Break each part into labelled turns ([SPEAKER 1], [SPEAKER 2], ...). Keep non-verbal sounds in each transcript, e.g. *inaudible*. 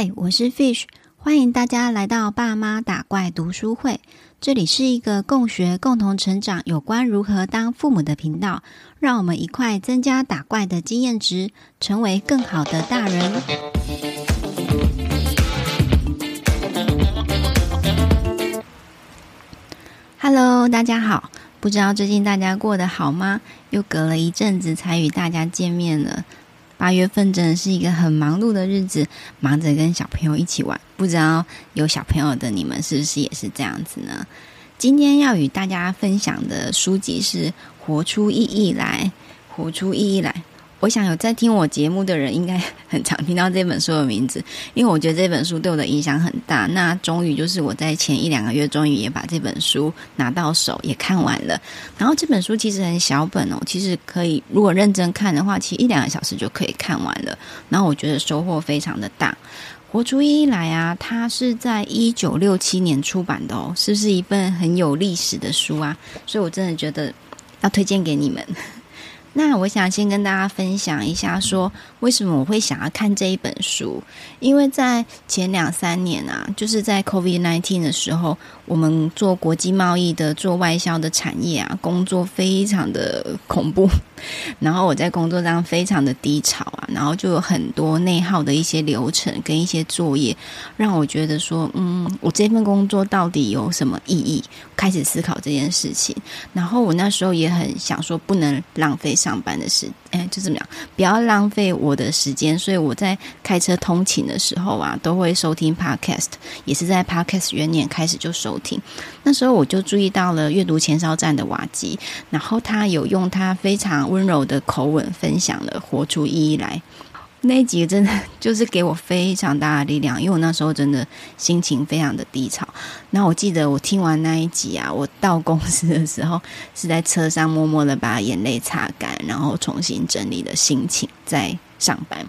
[SPEAKER 1] 嗨，我是 Fish，歡迎大家來到爸媽打怪讀書會。這裡是一個共學、共同成長有關如何當父母的頻道，讓我們一塊增加打怪的經驗值，成為更好的大人。Hello，大家好，不知道最近大家過得好嗎？又隔了一陣子才與大家見面了。八月份真的是一個很忙碌的日子，忙着跟小朋友一起玩。不知道有小朋友的你們是不是也是這樣子呢？今天要與大家分享的書籍是活出意義來《活出意義來》，活出意義來。我想有在聽我節目的人，應該很常聽到這本書的名字，因為我覺得這本書對我的影響很大。那終於，就是我在前一兩個月終於也把這本書拿到手，也看完了。然後這本書其實很小本哦，其實可以如果認真看的話，其實一兩個小時就可以看完了。然後我覺得收穫非常的大，《活出意義來》啊，它是在一九六七年出版的哦，是不是一本很有歷史的書啊？所以，我真的覺得要推薦給你們。那我想先跟大家分享一下，說為什麼我會想要看這一本書。因為在前兩三年啊，就是在 COVID nineteen 的時候，我們做國際貿易的、做外銷的產業啊，工作非常的恐怖。然後我在工作上非常的低潮啊，然後就有很多內耗的一些流程跟一些作業，讓我覺得說，嗯，我這份工作到底有什麼意義？開始思考這件事情。然後我那時候也很想說，不能浪費上。上班的事，哎，就怎麼樣？不要浪費我的時間。所以我在開車通勤的時候啊，都會收聽 Podcast。也是在 Podcast 元年開始就收聽，那時候我就注意到了閱讀前哨站的瓦基，然後他有用他非常溫柔的口吻分享了活出意義來。那一集真的就是給我非常大的力量，因為我那時候真的心情非常的低潮。那我記得我聽完那一集啊，我到公司的時候是在車上默默的把眼淚擦乾，然後重新整理了心情再上班。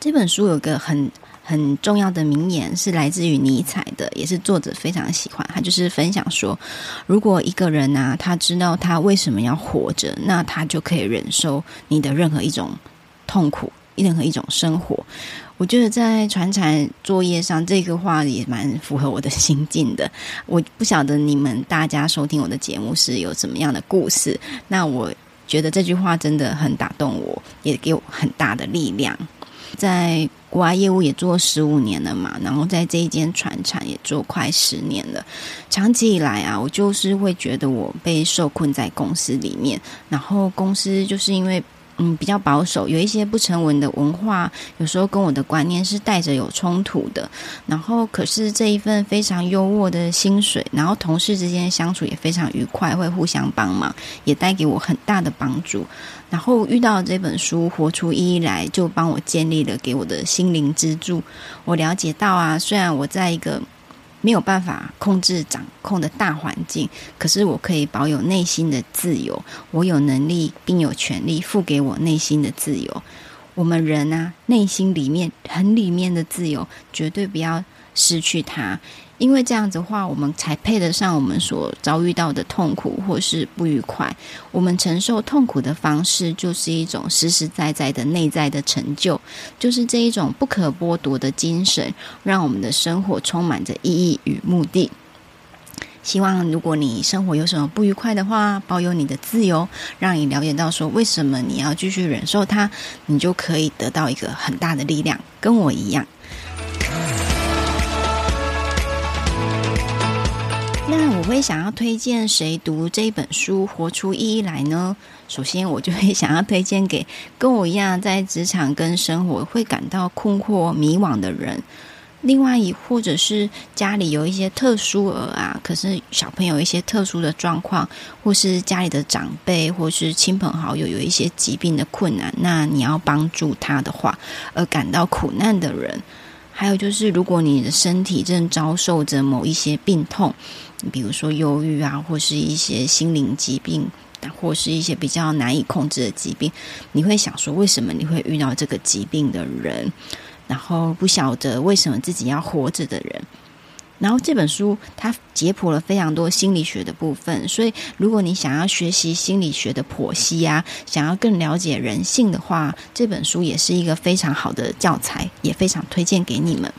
[SPEAKER 1] 這本書有個很很重要的名言是來自於尼采的，也是作者非常喜歡。他就是分享說，如果一個人啊，他知道他為什麼要活着，那他就可以忍受你的任何一種。痛苦，任何一種生活，我覺得在船廠作業上，這個話也蠻符合我的心境的。我不曉得你們大家收聽我的節目是有什麼樣的故事，那我覺得這句話真的很打動我，也給我很大的力量。在國外業務也做十五年了嘛，然後在這一間船廠也做快十年了，長期以來啊，我就是會覺得我被受困在公司裡面，然後公司就是因為。嗯，比較保守，有一些不成文的文化，有時候跟我的觀念是帶着有衝突的。然後，可是這一份非常優渥的薪水，然後同事之間相處也非常愉快，會互相幫忙，也帶給我很大的幫助。然後遇到這本書《活出意義來》，就幫我建立了給我的心靈支柱。我了解到啊，雖然我在一個。沒有辦法控制掌控的大環境，可是我可以保有內心的自由。我有能力並有權利付給我內心的自由。我們人啊，內心裡面很裡面的自由，絕對不要失去它。因為這樣子的話，我們才配得上我們所遭遇到的痛苦或是不愉快。我們承受痛苦的方式，就是一種實實在在的內在的成就，就是這一種不可剝奪的精神，讓我們的生活充滿着意義與目的。希望如果你生活有什麼不愉快的話，保有你的自由，讓你了解到說為什麼你要繼續忍受它，你就可以得到一個很大的力量，跟我一樣。那我會想要推薦誰讀這本書《活出意義來》呢？首先，我就會想要推薦給跟我一樣在職場跟生活會感到困惑迷惘的人；另外一，或者是家裡有一些特殊兒啊，可是小朋友有一些特殊的狀況，或是家裡的長輩，或是親朋好友有一些疾病的困難，那你要幫助他的話，而感到苦難的人；還有就是，如果你的身體正遭受着某一些病痛。比如說憂鬱啊，或是一些心靈疾病，或是一些比較難以控制的疾病，你會想說，為什麼你會遇到這個疾病的人？然後不曉得為什麼自己要活着的人？然後這本書它解剖了非常多心理學的部分，所以如果你想要學習心理學的剖析啊，想要更了解人性的話，這本書也是一個非常好的教材，也非常推薦給你們。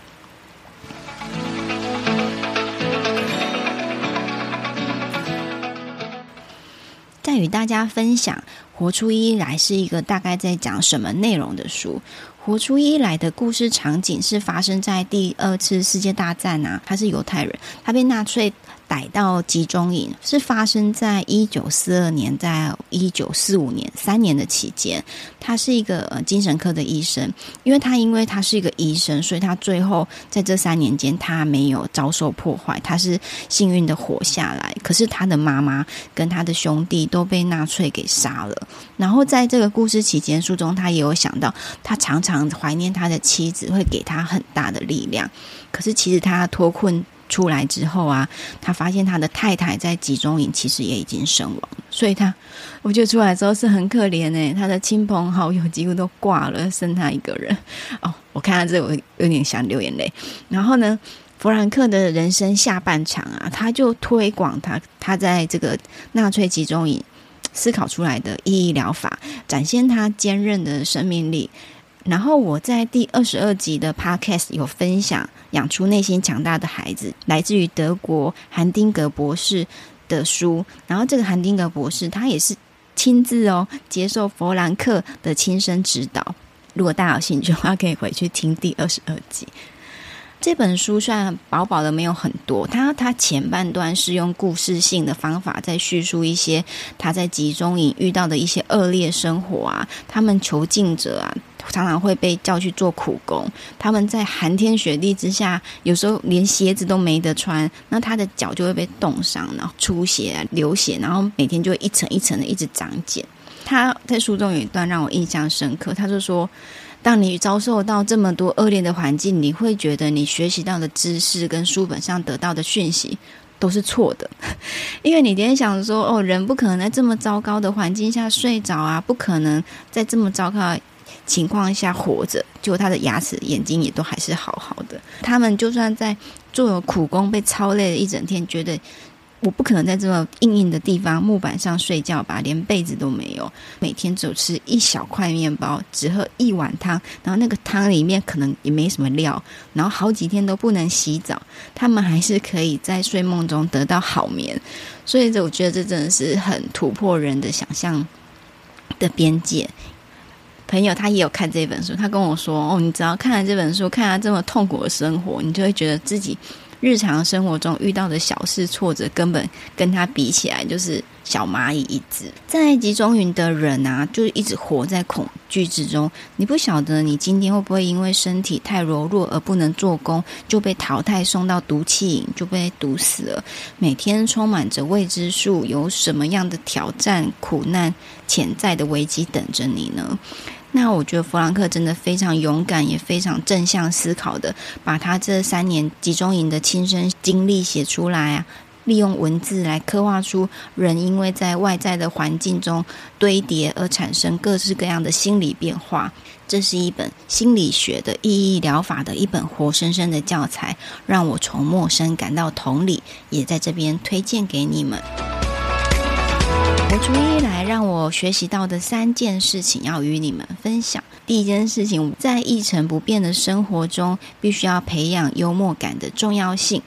[SPEAKER 1] 與大家分享《活出意義來》是一個大概在講什麼內容的書？《活出意義來》的故事場景是發生在第二次世界大戰啊，他是猶太人，他被納粹。逮到集中營，是發生在一九四二年，在一九四五年三年的期間，他是一個，呃，精神科的醫生，因為他因為他是一個醫生，所以他最後在這三年間他沒有遭受破壞，他是幸運的活下來。可是他的媽媽跟他的兄弟都被納粹給殺了。然後在這個故事期間，書中他也有想到，他常常懷念他的妻子會給他很大的力量。可是其實他脫困。出來之後啊，他發現他的太太在集中營其實也已經身亡，所以他，我覺得出來之後是很可憐哎、欸，他的親朋好友幾乎都掛了，剩他一個人。哦，我看他這我有點想流眼淚。然後呢，弗蘭克的人生下半場啊，他就推廣他他在這個納粹集中營思考出來的意義療法，展現他堅韌的生命力。然後我在第二十二集的 Podcast 有分享《養出內心強大的孩子》，來自於德國韓丁格博士的書。然後這個韓丁格博士他也是親自哦接受弗蘭克的親身指導。如果大家有興趣的話，可以回去聽第二十二集。這本書雖然薄薄的沒有很多，他他前半段是用故事性的方法在敘述一些他在集中營遇到的一些惡劣生活啊，他們囚禁者啊。常常會被叫去做苦工，他們在寒天雪地之下，有時候連鞋子都沒得穿，那他的腳就會被凍傷，然後出血、啊、流血，然後每天就會一層一層的一直長繭。他在書中有一段讓我印象深刻，他就說：“當你遭受到這麼多惡劣的環境，你會覺得你學習到的知識跟書本上得到的訊息都是錯的， *laughs* 因為你天天想說，哦，人不可能在這麼糟糕的環境下睡着啊，不可能在這麼糟糕。”情況下活着，就他的牙齒、眼睛也都還是好好的。他們就算在做有苦工，被操累了一整天，覺得我不可能在這麼硬硬的地方木板上睡覺吧，連被子都沒有，每天只吃一小塊麵包，只喝一碗湯，然後那個湯裡面可能也沒什麼料，然後好幾天都不能洗澡，他們還是可以在睡夢中得到好眠。所以我覺得這真的是很突破人的想象的邊界。朋友他也有看這本書，他跟我說：“哦，你只要看了這本書，看他這麼痛苦的生活，你就會覺得自己。”日常生活中遇到的小事挫折，根本跟他比起來就是小螞蟻一隻。在集中營的人啊，就一直活在恐懼之中。你不曉得你今天會不會因為身體太柔弱而不能做工，就被淘汰送到毒氣營，就被毒死了。每天充滿着未知數，有什麼樣的挑戰、苦難、潛在的危機等着你呢？那我覺得弗蘭克真的非常勇敢，也非常正向思考的，把他這三年集中營的親身經歷寫出來啊，利用文字來刻畫出人因為在外在的環境中堆疊而產生各式各樣的心理變化。這是一本心理學的意義療法的一本活生生的教材，讓我從陌生感到同理，也在這邊推薦給你們。初一來讓我學習到的三件事情要與你們分享。第一件事情，在一成不變的生活中，必須要培養幽默感的重要性。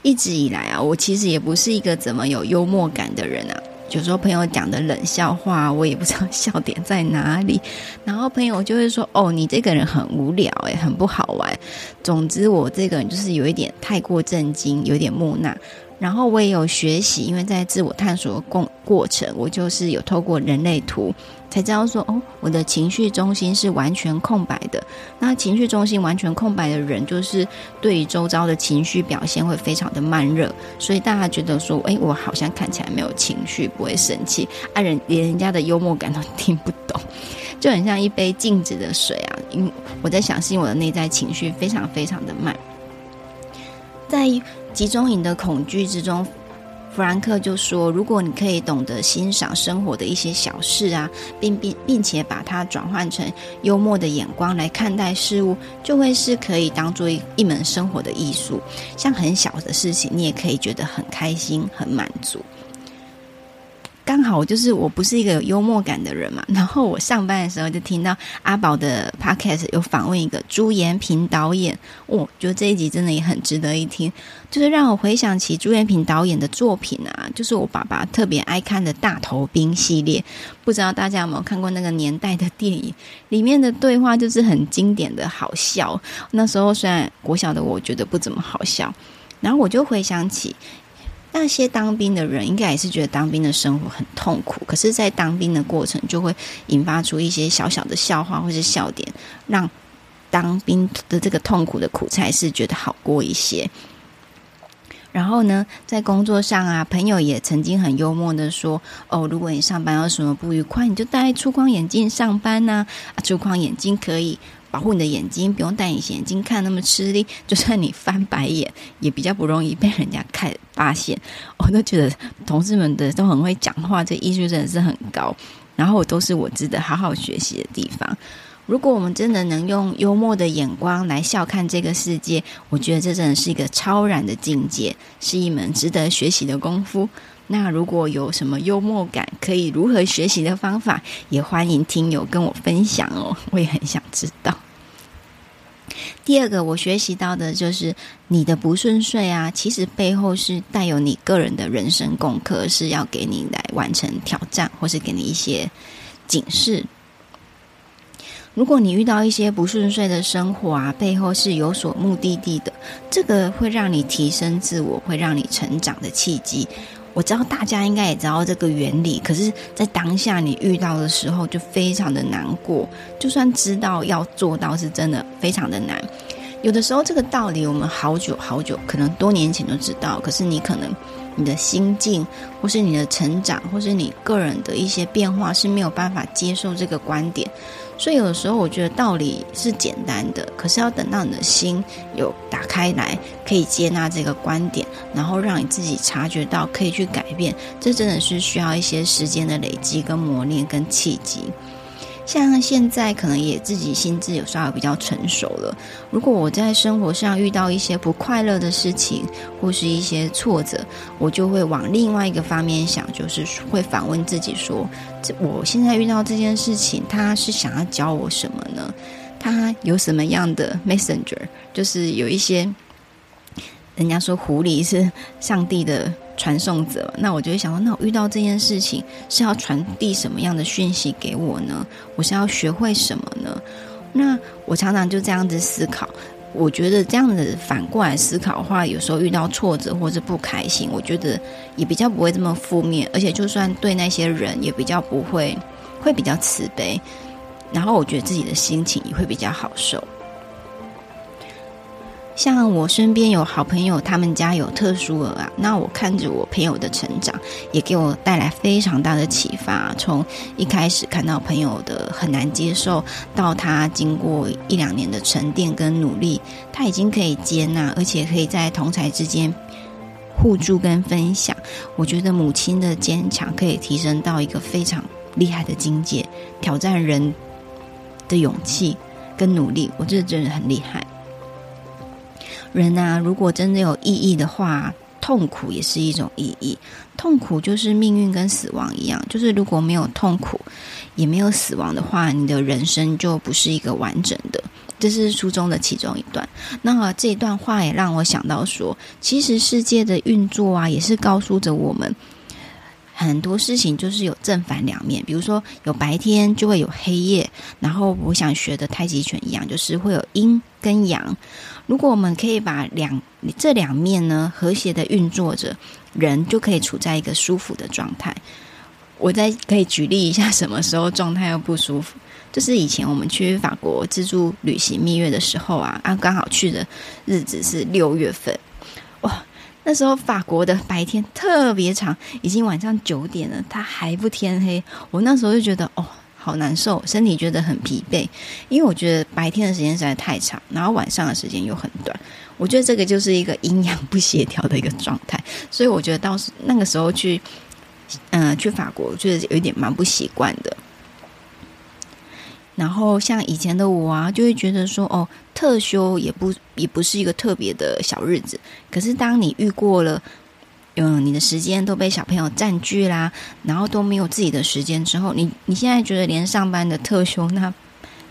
[SPEAKER 1] 一直以來啊，我其實也不是一個怎麼有幽默感的人啊。有時候朋友講的冷笑話，我也不知道笑點在哪裡。然後朋友就會說：“哦，你這個人很無聊、欸，哎，很不好玩。”總之，我這個人就是有一點太過震驚，有點木訥。然後我也有學習，因為在自我探索的過過程，我就是有透過人類圖才知道說，哦，我的情緒中心是完全空白的。那情緒中心完全空白的人，就是對於周遭的情緒表現會非常的慢熱，所以大家覺得說，誒，我好像看起來沒有情緒，不會生氣啊，人連人家的幽默感都聽不懂，就很像一杯靜止的水啊。因為我在相信我的內在情緒非常非常的慢，在。集中營的恐懼之中，弗蘭克就說：“如果你可以懂得欣賞生活的一些小事啊，並並並且把它轉換成幽默的眼光來看待事物，就會是可以當做一，一門生活的藝術。像很小的事情，你也可以覺得很開心、很滿足。”剛好我就是我不是一個有幽默感的人嘛，然後我上班的時候就聽到阿寶的 Podcast 有訪問一個朱延平導演，我、哦、覺得這一集真的也很值得一聽，就是讓我回想起朱延平導演的作品啊，就是我爸爸特別愛看的大頭兵系列，不知道大家有沒有看過那個年代的電影，裡面的對話就是很經典的好笑，那時候雖然國小的我覺得不怎麼好笑，然後我就回想起。那些當兵的人應該也是覺得當兵的生活很痛苦，可是，在當兵的過程就會引發出一些小小的笑話或是笑點，讓當兵的這個痛苦的苦差事覺得好過一些。然後呢，在工作上啊，朋友也曾經很幽默的說：“哦，如果你上班有什麼不愉快，你就戴粗框眼鏡上班吶，啊，粗框眼鏡可以。”保護你的眼睛，不用戴隱形眼鏡看那麼吃力，就算你翻白眼也比較不容易被人家看發現。我都覺得同事們的都很會講話，這藝術真的是很高，然後都是我值得好好學習的地方。如果我們真的能用幽默的眼光來笑看這個世界，我覺得這真的是一個超然的境界，是一門值得學習的功夫。那如果有什麼幽默感，可以如何學習的方法，也歡迎聽友跟我分享哦，我也很想知道。第二個我學習到的就是你的不順遂啊，其實背後是帶有你個人的人生功課，是要給你來完成挑戰，或是給你一些警示。如果你遇到一些不順遂的生活啊，背後是有所目的地的，這個會讓你提升自我，會讓你成長的契機。我知道大家應該也知道這個原理，可是，在當下你遇到的時候就非常的難過。就算知道要做到是真的非常的難，有的時候這個道理我們好久好久，可能多年前就知道，可是你可能你的心境或是你的成長或是你個人的一些變化是沒有辦法接受這個觀點。所以，有的時候我覺得道理是簡單的，可是要等到你的心有打開來，可以接納這個觀點，然後讓你自己察覺到可以去改變，這真的是需要一些時間的累積跟磨練跟契機。像現在可能也自己心智有稍微比較成熟了。如果我在生活上遇到一些不快樂的事情，或是一些挫折，我就會往另外一個方面想，就是會反問自己說：這我現在遇到這件事情，他是想要教我什麼呢？他有什麼樣的 Messenger？就是有一些，人家說狐狸是上帝的傳送者，那我就會想說，那我遇到這件事情是要傳遞什麼樣的訊息給我呢？我是要學會什麼呢？那我常常就這樣子思考。我覺得這樣子反過來思考的話，有時候遇到挫折或者不開心，我覺得也比較不會這麼負面，而且就算對那些人也比較不會，會比較慈悲。然後我覺得自己的心情也會比較好受。像我身邊有好朋友，他們家有特殊兒啊。那我看着我朋友的成長，也給我帶來非常大的啟發啊。從一開始看到朋友的很難接受，到他經過一兩年的沉澱跟努力，他已經可以接納，而且可以在同儕之間互助跟分享。我覺得母親的堅強可以提升到一個非常厲害的境界，挑戰人的勇氣跟努力。我覺得真的很厲害。人吶、啊，如果真的有意義的話，痛苦也是一種意義。痛苦就是命運跟死亡一樣，就是如果沒有痛苦，也沒有死亡的話，你的人生就不是一個完整的。這是書中的其中一段。那這一段話也讓我想到說，其實世界的運作啊，也是告訴着我們很多事情，就是有正反兩面。比如說有白天，就會有黑夜。然後我想學的太極拳一樣，就是會有陰。跟陽，如果我們可以把兩這兩面呢，和諧的運作着，人就可以處在一個舒服的狀態。我再可以舉例一下，什麼時候狀態又不舒服？就是以前我們去法國自助旅行蜜月的時候啊，啊，剛好去的日子是六月份，哇、哦，那時候法國的白天特別長，已經晚上九點了，它還不天黑。我那時候就覺得哦。好難受，身體覺得很疲憊，因為我覺得白天的時間實在太長，然後晚上的時間又很短，我覺得這個就是一個陰陽不協調的一個狀態，所以我覺得到那個時候去，嗯、呃，去法國，我覺得有點蠻不習慣的。然後像以前的我啊，就會覺得說，哦，特休也不也不是一個特別的小日子，可是當你遇過了。嗯，你的時間都被小朋友佔據啦，然後都沒有自己的時間。之後，你你現在覺得連上班的特休那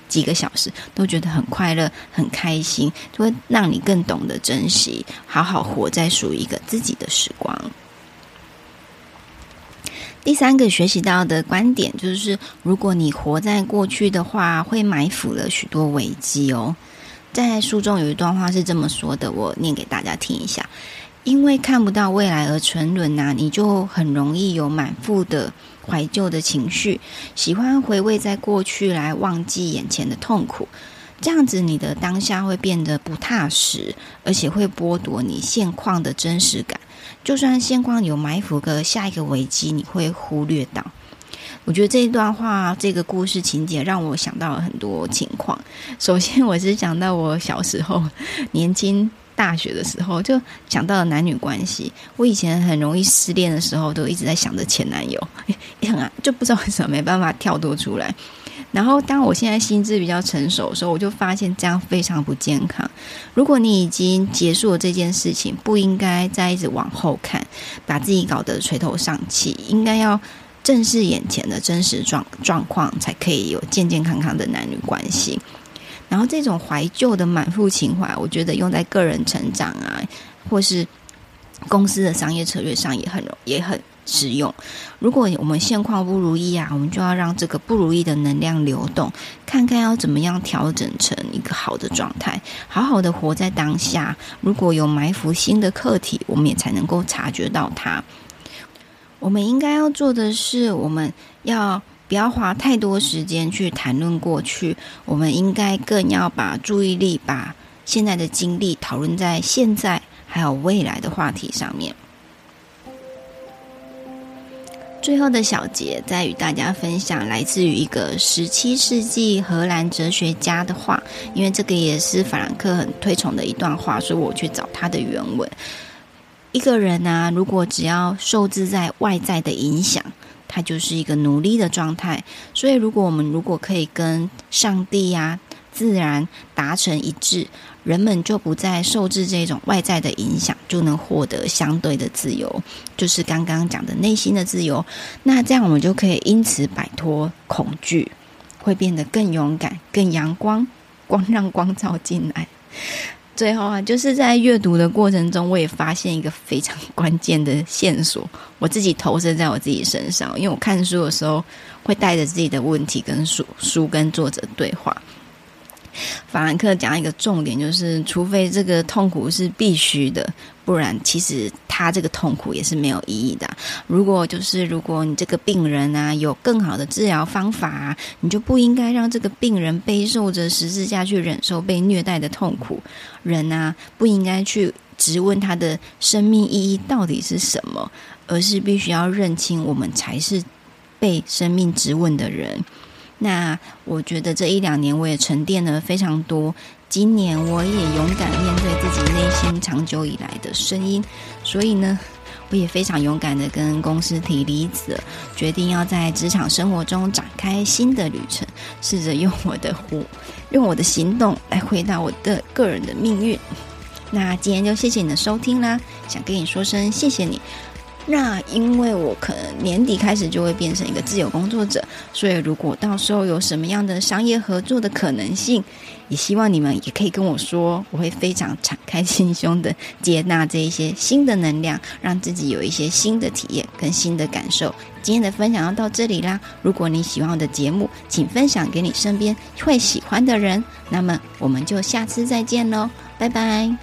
[SPEAKER 1] 幾個小時都覺得很快樂、很開心，就會讓你更懂得珍惜，好好活在屬於一個自己的時光。第三個學習到的觀點就是，如果你活在過去的話，會埋伏了許多危機哦。在書中有一段話是這麼說的，我念給大家聽一下。因為看不到未來而沉淪吶，你就很容易有滿腹的懷舊的情緒，喜歡回味在過去，來忘記眼前的痛苦。這樣子，你的當下會變得不踏實，而且會剝奪你現況的真實感。就算現況有埋伏個下一個危機，你會忽略到。我覺得這一段話，這個故事情節讓我想到了很多情況。首先，我是想到我小時候年輕。大學的時候就想到了男女關係。我以前很容易失戀的時候，都一直在想着前男友， *laughs* 就不知道為什麼沒辦法跳脫出來。然後，當我現在心智比較成熟的時候，我就發現這樣非常不健康。如果你已經結束了這件事情，不應該再一直往後看，把自己搞得垂頭喪氣，應該要正視眼前的真實狀狀況，才可以有健健康康的男女關係。然後這種懷舊的滿腹情懷，我覺得用在個人成長啊，或是公司的商業策略上也很容易，也很實用。如果我們現況不如意啊，我們就要讓這個不如意的能量流動，看看要怎麼樣調整成一個好的狀態，好好的活在當下。如果有埋伏新的課題，我們也才能夠察覺到它。我們應該要做的是，我們要。不要花太多時間去談論過去，我們應該更要把注意力、把現在的經歷討論在現在還有未來的話題上面。最後的小結，再與大家分享來自於一個十七世紀荷蘭哲學家的話，因為這個也是法蘭克很推崇的一段話，所以我去找他的原文。一個人呢、啊，如果只要受制在外在的影響。它就是一個奴隸的狀態，所以如果我們如果可以跟上帝啊、自然達成一致，人們就不再受制這種外在的影響，就能獲得相對的自由，就是剛剛講的內心的自由。那這樣我們就可以因此擺脫恐懼，會變得更勇敢、更陽光，光讓光照進來。最後啊，就是在閱讀的過程中，我也發現一個非常關鍵的線索，我自己投射在我自己身上，因為我看書的時候會帶着自己的問題跟書書跟作者對話。弗蘭克講一個重點，就是除非這個痛苦是必須的，不然其實他這個痛苦也是沒有意義的。如果就是如果你這個病人啊有更好的治療方法，啊，你就不應該讓這個病人背受着十字架去忍受被虐待的痛苦。人啊，不應該去質問他的生命意義到底是什麼，而是必須要認清我們才是被生命質問的人。那我覺得這一兩年我也沉澱了非常多，今年我也勇敢面對自己內心長久以來的聲音，所以呢，我也非常勇敢的跟公司提離職，決定要在職場生活中展開新的旅程，試着用我的活，用我的行動來回答我的個人的命運。那今天就謝謝你的收聽啦，想跟你說聲謝謝你。那因為我可能年底開始就會變成一個自由工作者，所以如果到時候有什麼樣的商業合作的可能性，也希望你們也可以跟我說，我會非常敞開心胸的接納這一些新的能量，讓自己有一些新的體驗跟新的感受。今天的分享要到這裡啦，如果你喜歡我的節目，請分享給你身邊會喜歡的人。那麼我們就下次再見嘍，拜拜。